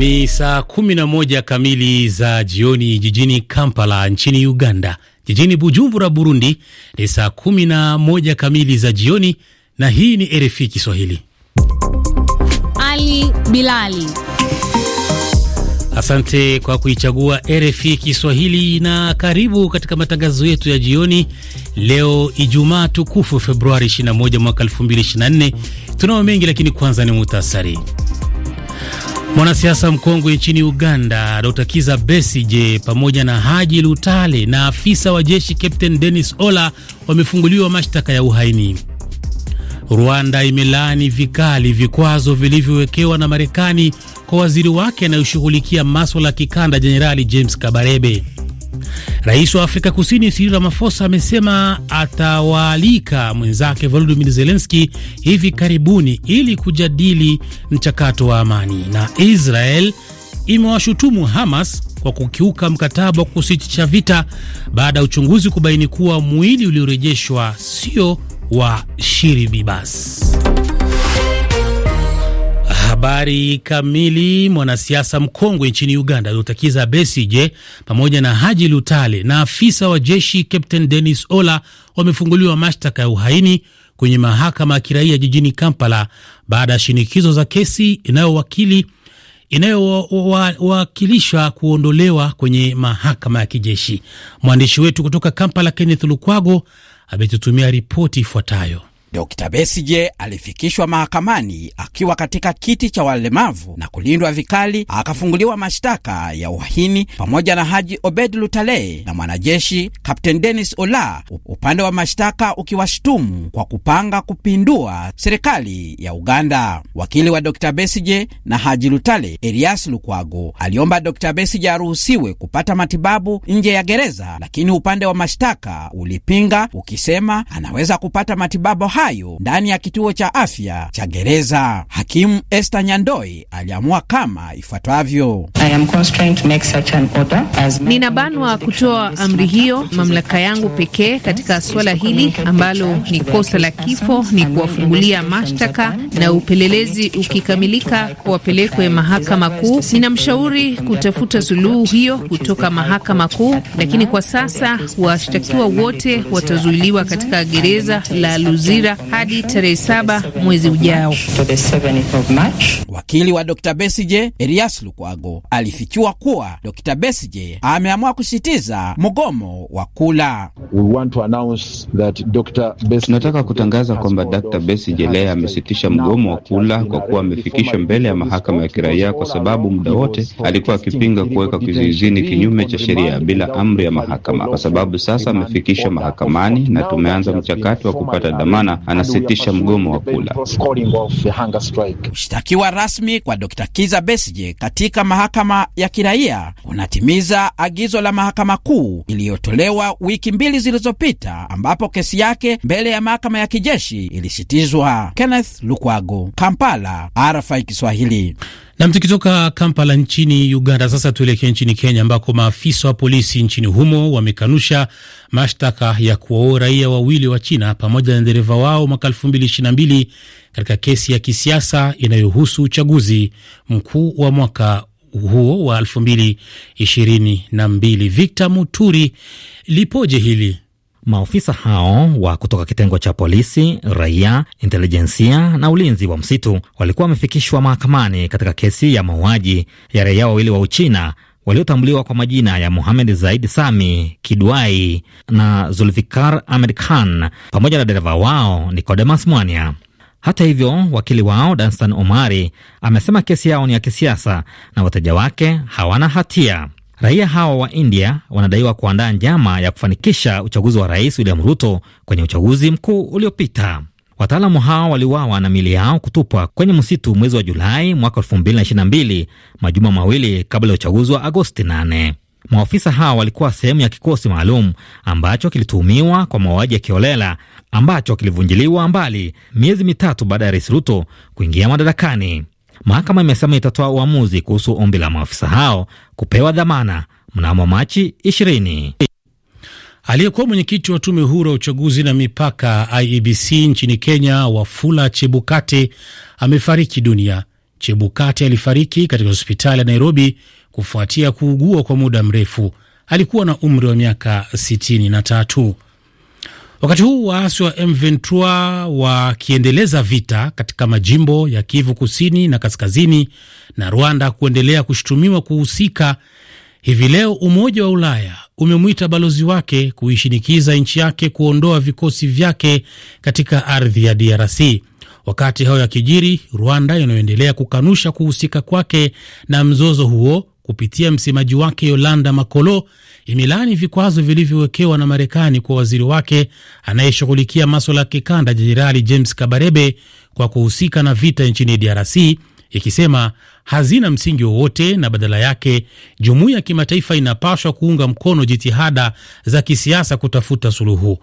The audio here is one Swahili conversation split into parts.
Ni saa 11 kamili za jioni jijini Kampala nchini Uganda. Jijini Bujumbura, Burundi ni saa 11 kamili za jioni, na hii ni RFI Kiswahili. Ali Bilali, asante kwa kuichagua RFI Kiswahili na karibu katika matangazo yetu ya jioni leo Ijumaa tukufu Februari 21 mwaka 2024. Tunao mengi, lakini kwanza ni muhtasari Mwanasiasa mkongwe nchini Uganda Dr. Kiza Besije pamoja na Haji Lutale na afisa wa jeshi Captain Dennis Ola wamefunguliwa mashtaka ya uhaini. Rwanda imelaani vikali vikwazo vilivyowekewa na Marekani kwa waziri wake anayoshughulikia maswala ya kikanda Jenerali James Kabarebe. Rais wa Afrika Kusini Cyril Ramaphosa amesema atawaalika mwenzake Volodymyr Zelensky hivi karibuni ili kujadili mchakato wa amani. Na Israel imewashutumu Hamas kwa kukiuka mkataba wa kusitisha vita baada ya uchunguzi kubaini kuwa mwili uliorejeshwa sio wa Shiri Bibas. Habari kamili. Mwanasiasa mkongwe nchini Uganda Dr. Besigye pamoja na Haji Lutale na afisa wa jeshi Captain Dennis Ola wamefunguliwa mashtaka ya uhaini kwenye mahakama ya kiraia jijini Kampala baada ya shinikizo za kesi inayowakili inayowakilisha kuondolewa kwenye mahakama ya kijeshi. Mwandishi wetu kutoka Kampala Kenneth Lukwago ametutumia ripoti ifuatayo. Dr. Besigye alifikishwa mahakamani akiwa katika kiti cha walemavu na kulindwa vikali, akafunguliwa mashtaka ya uhaini pamoja na Haji Obed Lutale na mwanajeshi Kapten Dennis Ola, upande wa mashtaka ukiwashtumu kwa kupanga kupindua serikali ya Uganda. Wakili wa Dr. Besigye na Haji Lutale, Elias Lukwago, aliomba Dr. Besigye aruhusiwe kupata matibabu nje ya gereza, lakini upande wa mashtaka ulipinga ukisema anaweza kupata matibabu hayo ndani ya kituo cha afya cha gereza. Hakimu Esther Nyandoi aliamua kama ifuatavyo: ninabanwa kutoa amri hiyo. Mamlaka yangu pekee katika suala hili ambalo ni kosa la kifo ni kuwafungulia mashtaka, na upelelezi ukikamilika wapelekwe mahakama kuu. Ninamshauri kutafuta suluhu hiyo kutoka mahakama kuu, lakini kwa sasa washtakiwa wote watazuiliwa katika gereza la Luzira Uganda hadi tarehe saba mwezi ujao. Wakili wa Dr. Besije Elias Lukwago alifichua kuwa Dr. Besije ameamua kusitiza mgomo wa kula. Tunataka kutangaza kwamba Dr. Besije leo amesitisha mgomo wa kula kwa kuwa amefikishwa mbele ya mahakama ya kiraia kwa sababu muda wote alikuwa akipinga kuweka kizuizini kinyume cha sheria bila amri ya mahakama. Kwa sababu sasa amefikishwa mahakamani na tumeanza mchakato wa kupata dhamana anasitisha mgomo wa kula. Kushtakiwa rasmi kwa Dr. Kiza Besije katika mahakama ya kiraia kunatimiza agizo la mahakama kuu iliyotolewa wiki mbili zilizopita, ambapo kesi yake mbele ya mahakama ya kijeshi ilisitizwa. Kenneth Lukwago, Kampala, RFI Kiswahili. Na tukitoka Kampala nchini Uganda, sasa tuelekee nchini Kenya ambako maafisa wa polisi nchini humo wamekanusha mashtaka ya kuwaua raia wawili wa China pamoja na dereva wao mwaka mbili katika kesi ya kisiasa inayohusu uchaguzi mkuu wa mwaka huo wa mbili. Victor Muturi, lipoje hili? Maofisa hao wa kutoka kitengo cha polisi, raia, intelijensia na ulinzi wa msitu walikuwa wamefikishwa mahakamani katika kesi ya mauaji ya raia wawili wa Uchina waliotambuliwa kwa majina ya muhamed zaidi Sami Kidwai na Zulfikar Ahmed Khan pamoja na dereva wao Nicodemas Mwania. Hata hivyo, wakili wao Danstan Omari amesema kesi yao ni ya kisiasa na wateja wake hawana hatia. Raia hawa wa India wanadaiwa kuandaa njama ya kufanikisha uchaguzi wa Rais William Ruto kwenye uchaguzi mkuu uliopita. Wataalamu hao waliuawa na mili yao kutupwa kwenye msitu mwezi wa Julai mwaka 2022, majuma mawili kabla ya uchaguzi wa Agosti 8. maofisa hao walikuwa sehemu ya kikosi maalum ambacho kilituhumiwa kwa mauaji ya kiolela ambacho kilivunjiliwa mbali miezi mitatu baada ya Rais Ruto kuingia madarakani. Mahakama imesema itatoa uamuzi kuhusu ombi la maafisa hao kupewa dhamana mnamo Machi 20. Aliyekuwa mwenyekiti wa tume huru ya uchaguzi na mipaka IEBC nchini Kenya, Wafula Chebukate amefariki dunia. Chebukate alifariki katika hospitali ya Nairobi kufuatia kuugua kwa muda mrefu. Alikuwa na umri wa miaka tatu Wakati huu waasi wa M23 wakiendeleza vita katika majimbo ya Kivu kusini na kaskazini na Rwanda kuendelea kushutumiwa kuhusika, hivi leo Umoja wa Ulaya umemwita balozi wake kuishinikiza nchi yake kuondoa vikosi vyake katika ardhi ya DRC. Wakati hayo yakijiri, Rwanda inayoendelea kukanusha kuhusika kwake na mzozo huo kupitia msemaji wake Yolanda Makolo imelaani vikwazo vilivyowekewa na Marekani kwa waziri wake anayeshughulikia maswala ya kikanda Jenerali James Kabarebe kwa kuhusika na vita nchini DRC, ikisema hazina msingi wowote na badala yake jumuiya ya kimataifa inapaswa kuunga mkono jitihada za kisiasa kutafuta suluhu.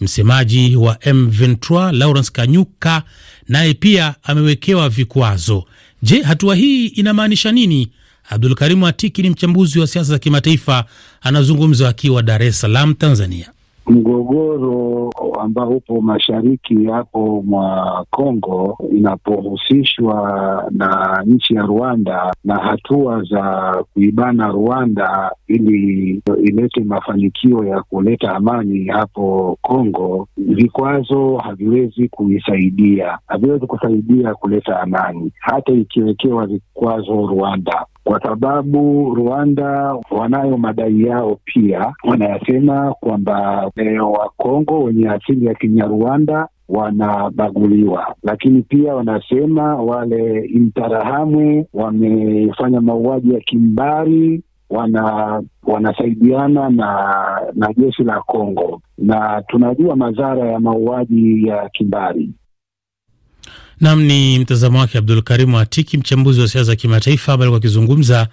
Msemaji wa M23 Lawrence Kanyuka naye pia amewekewa vikwazo. Je, hatua hii inamaanisha nini? Abdul Karimu Atiki ni mchambuzi wa siasa za kimataifa, anazungumza akiwa Dar es Salaam, Tanzania. Mgogoro ambao upo mashariki hapo mwa Kongo inapohusishwa na nchi ya Rwanda na hatua za kuibana Rwanda ili ilete mafanikio ya kuleta amani hapo Kongo, vikwazo haviwezi kuisaidia, haviwezi kusaidia kuleta amani. Hata ikiwekewa vikwazo Rwanda, kwa sababu Rwanda wanayo madai yao pia, wanayasema kwamba eh, Wakongo wenye asili ya Kinyarwanda wanabaguliwa, lakini pia wanasema wale Interahamwe wamefanya mauaji ya kimbari wana wanasaidiana na na jeshi la Kongo, na tunajua madhara ya mauaji ya kimbari. Nam ni mtazamo wake Abdul Karimu Atiki, mchambuzi wa siasa za kimataifa, ambaye alikuwa akizungumza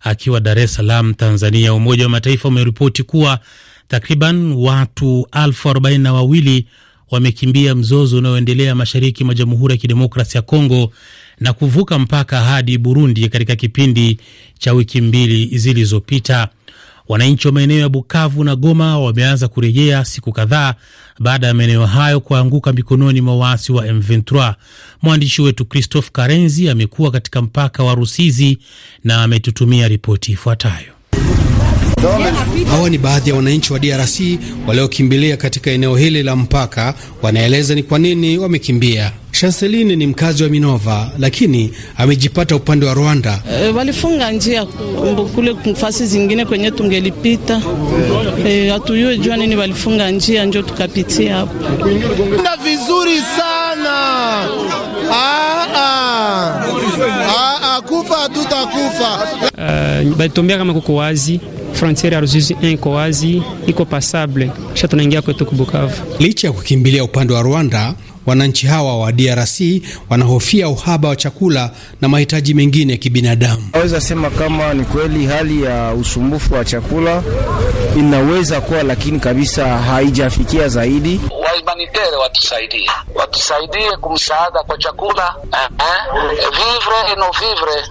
akiwa Dar es Salaam, Tanzania. Umoja wa Mataifa umeripoti kuwa takriban watu elfu arobaini na wawili wamekimbia mzozo unaoendelea mashariki mwa Jamhuri ya Kidemokrasi ya Kongo na kuvuka mpaka hadi Burundi katika kipindi cha wiki mbili zilizopita. Wananchi wa maeneo ya Bukavu na Goma wameanza kurejea siku kadhaa baada ya maeneo hayo kuanguka mikononi mwa waasi wa M23. Mwandishi wetu Christophe Karenzi amekuwa katika mpaka wa Rusizi na ametutumia ripoti ifuatayo. Hawa ni baadhi ya wananchi wa DRC waliokimbilia katika eneo hili la mpaka, wanaeleza ni kwa nini wamekimbia. Chanseline ni mkazi wa Minova lakini amejipata upande wa Rwanda. E, walifunga njia kule fasi zingine kwenye tungelipita, eh, hatuyue e, jua nini walifunga njia njo tukapitia hapo vizuri sana. Aa, ah, aa. Ah. Aa, ah, kufa tutakufa. Uh, eh, balituambia kama kuko wazi frontiere ya Ruzizi iko wazi, iko pasable, kisha tunaingia kwetu Kubukavu. Licha ya kukimbilia upande wa Rwanda, wananchi hawa wa DRC wanahofia uhaba wa chakula na mahitaji mengine ya kibinadamu. Naweza sema kama ni kweli hali ya usumbufu wa chakula inaweza kuwa, lakini kabisa haijafikia zaidi. Wahumanitere watusaidie, watusaidie kumsaada kwa chakula eh, eh, vivre eno vivre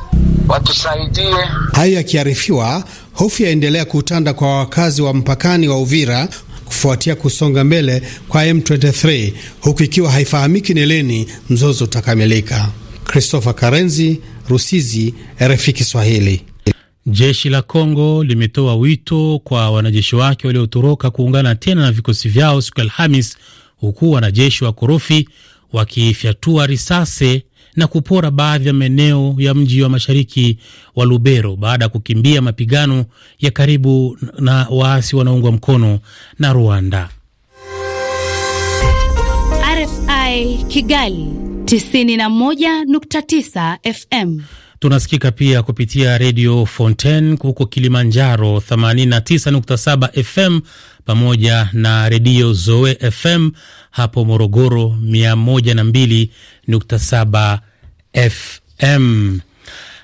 watusaidie. Hayo yakiarifiwa Hofu yaendelea kutanda kwa wakazi wa mpakani wa Uvira kufuatia kusonga mbele kwa M23 huku ikiwa haifahamiki ni lini mzozo utakamilika. Christopher Karenzi, Rusizi, RFI Kiswahili. Jeshi la Kongo limetoa wito kwa wanajeshi wake waliotoroka kuungana tena na vikosi vyao siku ya Alhamis, huku wanajeshi wa korofi wakifyatua risasi na kupora baadhi ya maeneo ya mji wa mashariki wa Lubero baada ya kukimbia mapigano ya karibu na waasi wanaoungwa mkono na Rwanda. RFI Kigali 91.9 FM. Tunasikika pia kupitia redio Fontaine huko Kilimanjaro 89.7 FM pamoja na redio Zoe FM hapo Morogoro 102.7 FM.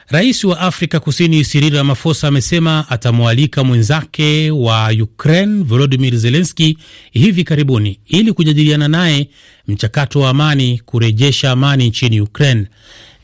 Rais wa Afrika Kusini Cyril Ramaphosa amesema atamwalika mwenzake wa Ukraine Volodymyr Zelensky hivi karibuni ili kujadiliana naye mchakato wa amani kurejesha amani nchini Ukraine.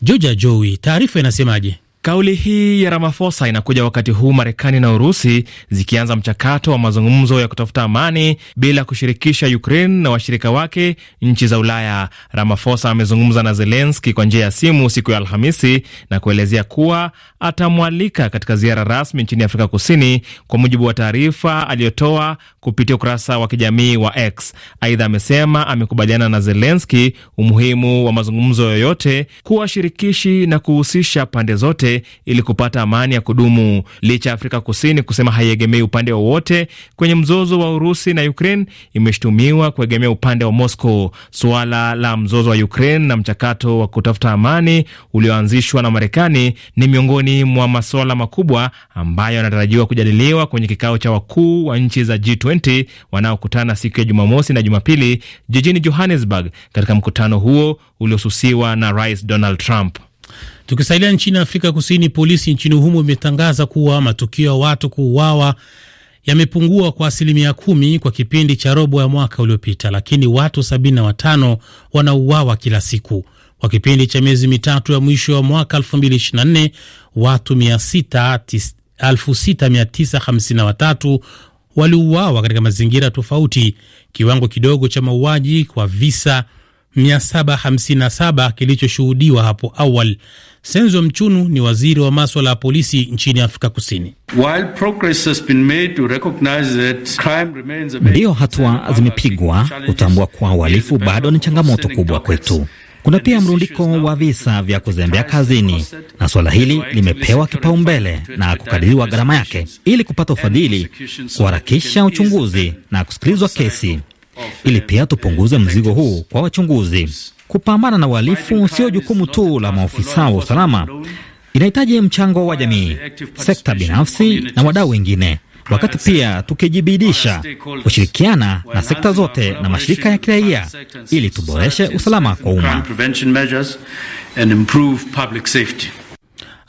Joja joi taarifa inasemaje? Kauli hii ya ramafosa inakuja wakati huu Marekani na Urusi zikianza mchakato wa mazungumzo ya kutafuta amani bila kushirikisha Ukraine na washirika wake nchi za Ulaya. ramafosa amezungumza na Zelenski kwa njia ya simu siku ya Alhamisi na kuelezea kuwa atamwalika katika ziara rasmi nchini Afrika Kusini, kwa mujibu wa taarifa aliyotoa kupitia ukurasa wa kijamii wa X. Aidha, amesema amekubaliana na Zelenski umuhimu wa mazungumzo yoyote kuwa shirikishi na kuhusisha pande zote wote ili kupata amani ya kudumu, licha ya Afrika Kusini kusema haiegemei upande wowote kwenye mzozo wa Urusi na Ukraine. Imeshutumiwa kuegemea upande wa Moscow. Suala la mzozo wa Ukraine na mchakato wa kutafuta amani ulioanzishwa na Marekani ni miongoni mwa masuala makubwa ambayo yanatarajiwa kujadiliwa kwenye kikao cha wakuu wa nchi za G20 wanaokutana siku ya Jumamosi na Jumapili jijini Johannesburg, katika mkutano huo uliosusiwa na Rais Donald Trump. Tukisalia nchini Afrika Kusini, polisi nchini humo imetangaza kuwa matukio ya watu kuuawa yamepungua kwa asilimia kumi kwa kipindi cha robo ya mwaka uliopita, lakini watu 75 wanauawa kila siku. Kwa kipindi cha miezi mitatu ya mwisho wa mwaka 2024 watu 6953 waliuawa katika mazingira tofauti, kiwango kidogo cha mauaji kwa visa 757 kilichoshuhudiwa hapo awali. Senzo Mchunu ni waziri wa maswala ya polisi nchini Afrika Kusini. Ndiyo, hatua zimepigwa kutambua kuwa uhalifu bado ni changamoto kubwa kwetu. Kuna pia mrundiko wa visa vya kuzembea kazini na suala hili limepewa kipaumbele na kukadiriwa gharama yake ili kupata ufadhili, kuharakisha uchunguzi na kusikilizwa kesi ili pia tupunguze mzigo huu kwa wachunguzi. Kupambana na uhalifu sio jukumu tu la maofisa wa usalama, inahitaji mchango wa jamii, sekta binafsi na wadau wengine, wakati pia tukijibidisha kushirikiana na sekta zote na mashirika ya kiraia ili tuboreshe usalama kwa umma.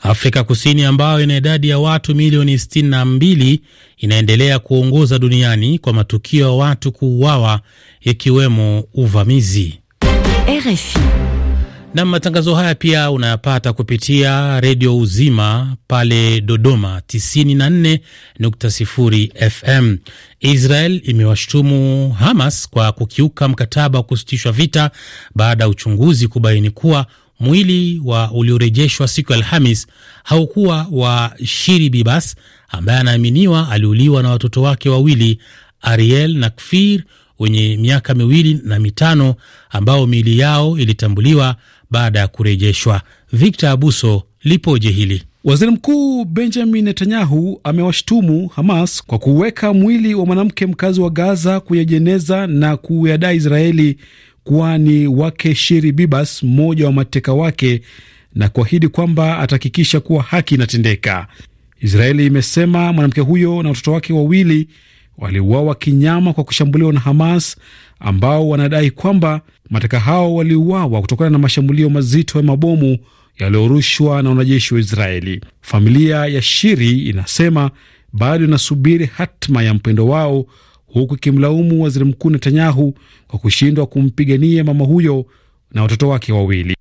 Afrika Kusini ambayo ina idadi ya watu milioni 62 inaendelea kuongoza duniani kwa matukio ya watu kuuawa ikiwemo uvamizi. RFI. Na matangazo haya pia unayapata kupitia redio Uzima pale Dodoma 94.0 FM. Israel imewashutumu Hamas kwa kukiuka mkataba wa kusitishwa vita baada ya uchunguzi kubaini kuwa Mwili wa uliorejeshwa siku ya Alhamis haukuwa wa Shiri Bibas ambaye anaaminiwa aliuliwa na watoto wake wawili Ariel na Kfir wenye miaka miwili na mitano ambao miili yao ilitambuliwa baada ya kurejeshwa. Victor Abuso, lipoje hili? Waziri Mkuu Benjamin Netanyahu amewashtumu Hamas kwa kuweka mwili wa mwanamke mkazi wa Gaza kwenye jeneza na kuyadai Israeli kwani wake Shiri Bibas, mmoja wa mateka wake, na kuahidi kwamba atahakikisha kuwa haki inatendeka. Israeli imesema mwanamke huyo na watoto wake wawili waliuawa kinyama kwa kushambuliwa na Hamas, ambao wanadai kwamba mateka hao waliuawa kutokana na mashambulio mazito ya mabomu yaliyorushwa na wanajeshi wa Israeli. Familia ya Shiri inasema bado inasubiri hatima ya mpendo wao huku ikimlaumu waziri mkuu Netanyahu kwa kushindwa kumpigania mama huyo na watoto wake wawili.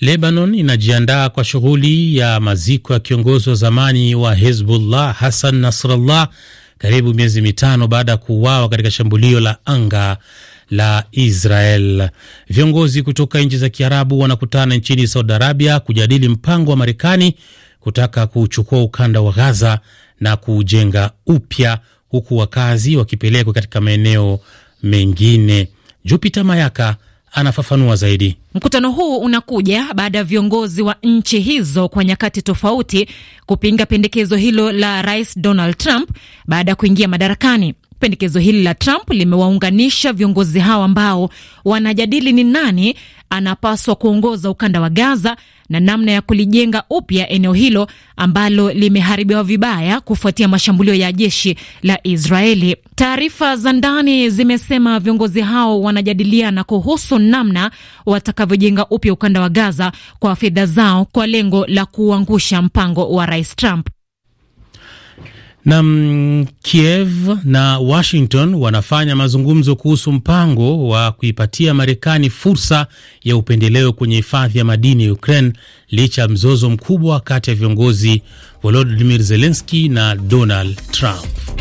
Lebanon inajiandaa kwa shughuli ya maziko ya kiongozi wa zamani wa Hezbollah Hassan Nasrallah karibu miezi mitano baada ya kuuawa katika shambulio la anga la Israel. Viongozi kutoka nchi za Kiarabu wanakutana nchini Saudi Arabia kujadili mpango wa Marekani kutaka kuchukua ukanda wa Gaza na kuujenga upya huku wakazi wakipelekwa katika maeneo mengine. Jupiter Mayaka anafafanua zaidi. Mkutano huu unakuja baada ya viongozi wa nchi hizo kwa nyakati tofauti kupinga pendekezo hilo la Rais Donald Trump baada ya kuingia madarakani. Pendekezo hili la Trump limewaunganisha viongozi hao ambao wanajadili ni nani anapaswa kuongoza ukanda wa Gaza na namna ya kulijenga upya eneo hilo ambalo limeharibiwa vibaya kufuatia mashambulio ya jeshi la Israeli. Taarifa za ndani zimesema viongozi hao wanajadiliana kuhusu namna watakavyojenga upya ukanda wa Gaza kwa fedha zao kwa lengo la kuangusha mpango wa Rais Trump. Na mm, Kiev na Washington wanafanya mazungumzo kuhusu mpango wa kuipatia Marekani fursa ya upendeleo kwenye hifadhi ya madini ya Ukraine licha ya mzozo mkubwa kati ya viongozi Volodymyr Zelensky na Donald Trump.